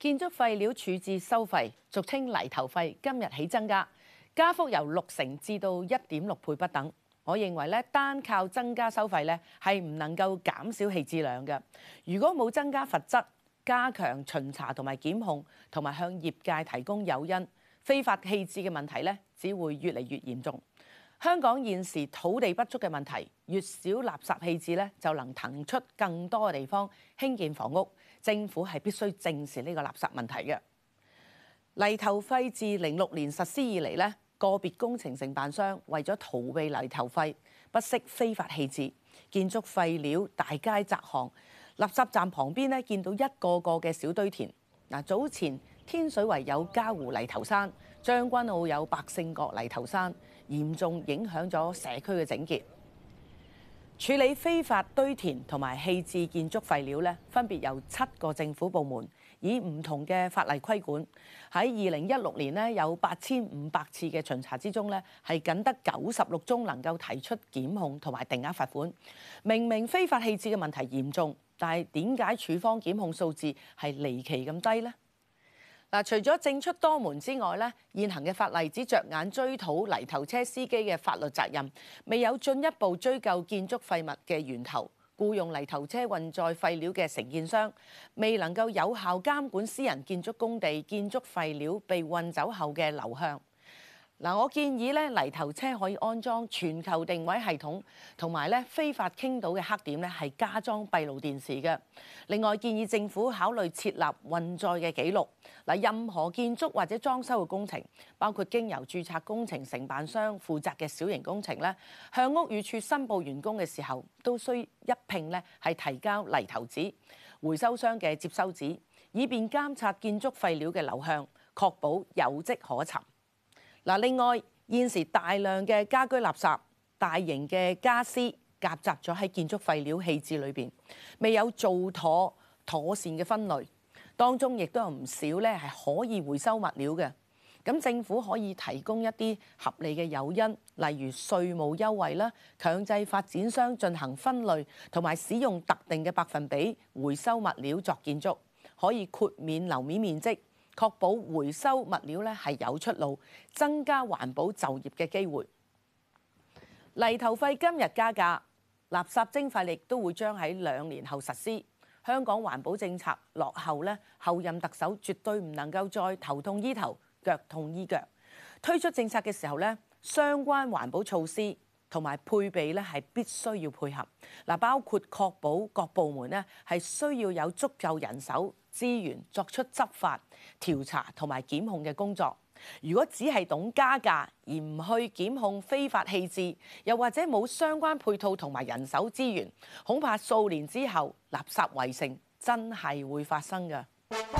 建築廢料處置收費，俗稱泥頭費，今日起增加，加幅由六成至到一點六倍不等。我認為咧，單靠增加收費咧，係唔能夠減少棄置量嘅。如果冇增加罰則、加強巡查同埋檢控，同埋向業界提供誘因，非法棄置嘅問題咧，只會越嚟越嚴重。香港現時土地不足嘅問題，越少垃圾棄置咧，就能騰出更多嘅地方興建房屋。政府係必須正視呢個垃圾問題嘅。泥頭費自零六年實施以嚟呢，個別工程承辦商為咗逃避泥頭費，不惜非法棄置建築廢料、大街窄巷，垃圾站旁邊呢，見到一個個嘅小堆填。嗱，早前，天水圍有嘉湖泥頭山，將軍澳有百勝角泥頭山，嚴重影響咗社區嘅整潔。處理非法堆填同埋棄置建築廢料咧，分別由七個政府部門以唔同嘅法例規管。喺二零一六年呢，有八千五百次嘅巡查之中呢，係僅得九十六宗能夠提出檢控同埋定額罰款。明明非法棄置嘅問題嚴重，但係點解處方檢控數字係離奇咁低呢？嗱，除咗政出多門之外咧，現行嘅法例只着眼追討泥頭車司機嘅法律責任，未有進一步追究建築廢物嘅源頭、僱用泥頭車運載廢料嘅承建商，未能夠有效監管私人建築工地建築廢料被運走後嘅流向。嗱，我建議咧泥頭車可以安裝全球定位系統，同埋咧非法傾倒嘅黑點咧係加裝閉路電視嘅。另外建議政府考慮設立運載嘅記錄。嗱，任何建築或者裝修嘅工程，包括經由註冊工程承辦商負責嘅小型工程咧，向屋宇署申報完工嘅時候，都需一併係提交泥頭紙、回收商嘅接收紙，以便監察建築廢料嘅流向，確保有跡可尋。另外，現時大量嘅家居垃圾、大型嘅家私夾雜咗喺建築廢料棄置裏面，未有做妥妥善嘅分類，當中亦都有唔少咧係可以回收物料嘅。咁政府可以提供一啲合理嘅誘因，例如稅務優惠啦，強制發展商進行分類同埋使用特定嘅百分比回收物料作建築，可以豁免樓面面積。確保回收物料咧係有出路，增加環保就業嘅機會。泥頭費今日加價，垃圾徵費亦都會將喺兩年後實施。香港環保政策落後咧，後任特首絕對唔能夠再頭痛醫頭，腳痛醫腳。推出政策嘅時候咧，相關環保措施。同埋配備咧係必須要配合，嗱，包括確保各部門咧係需要有足夠人手資源作出執法、調查同埋檢控嘅工作。如果只係懂加價而唔去檢控非法棄置，又或者冇相關配套同埋人手資源，恐怕數年之後垃圾圍城真係會發生㗎。